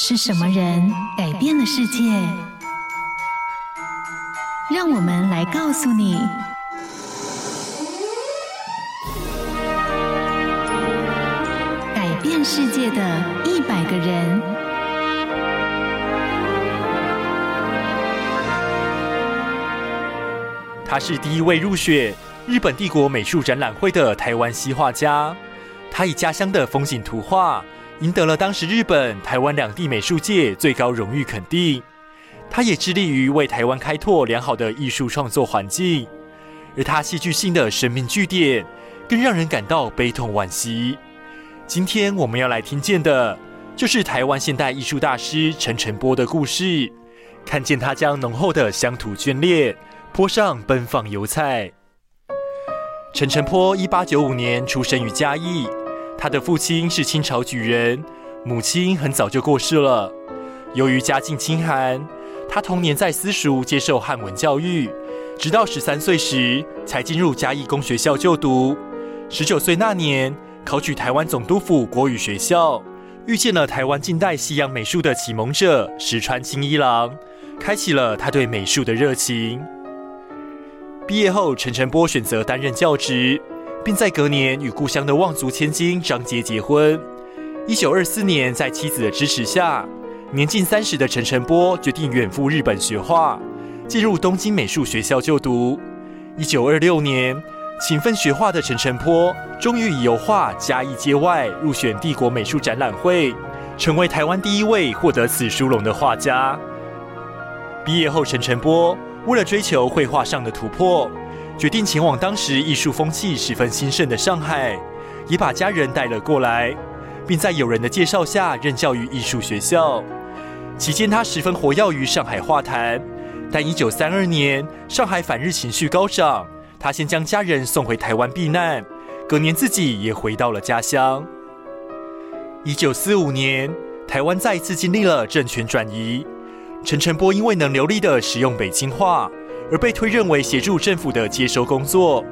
是什麼人改變了世界？讓我們來告訴你：改變世界的一百個人。他是第一位入選日本帝國美術展覽會的台灣西畫家，他以家鄉的風景圖畫。贏得了當時日本、台灣兩地美術界最高榮譽肯定。他也致力於為台灣開拓良好的藝術創作環境，而他戲劇性的生命句點更讓人感到悲痛惋惜。今天我們要來聽見的，就是台灣現代藝術大師陳澄波的故事，看見他將濃厚的鄉土眷戀潑上奔放油彩。陳澄波一八九五年出生於嘉義。他的父親是清朝舉人，母親很早就過世了。由於家境清寒，他童年在私塾接受漢文教育，直到十三歲時才進入嘉義公學校就讀。十九歲那年，考取臺灣總督府國語學校，遇見了臺灣近代西洋美術的啟蒙者石川欽一郎，開啟了他對美術的熱情。畢業後，陳澄波選擇擔任教職。並在隔年與故鄉的望族千金張捷結結婚。一九二四年，在妻子的支持下，年近三十的陳澄波決定遠赴日本學畫，進入東京美術學校就讀。一九二六年，勤奮學畫的陳澄波終於以油畫《嘉義街外》入選帝國美術展覽會，成為台灣第一位獲得此殊榮的畫家。畢業後，陳澄波為了追求繪畫上的突破。決定前往當時藝術風氣十分興盛的上海，也把家人帶了過來，並在友人的介紹下任教於藝術學校。期間他十分活躍於上海畫壇，但1932年上海反日情緒高漲，他先將家人送回台灣避難，隔年自己也回到了家鄉。1945年，台灣再一次經歷了政權轉移，陳澄波因為能流利的使用北京話。而被推認為協助政府的接收工作，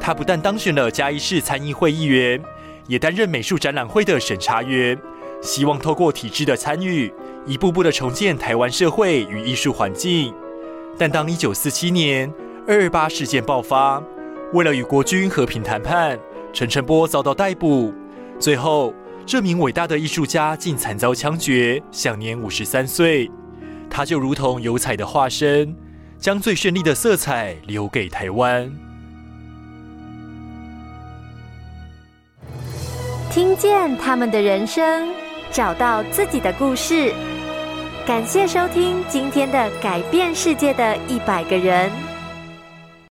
他不但當選了嘉義市參議會議員，也擔任美術展覽會的審查員，希望透過體制的參與，一步步的重建台灣社會與藝術環境。但當一九四七年二二八事件爆發，為了與國軍和平談判，陳澄波遭到逮捕，最後這名偉大的藝術家竟慘遭槍決，享年五十三歲。他就如同油彩的化身。將最絢麗的色彩留給台灣，聽見他們的人生，找到自己的故事。感謝收聽今天的改變世界的一百個人。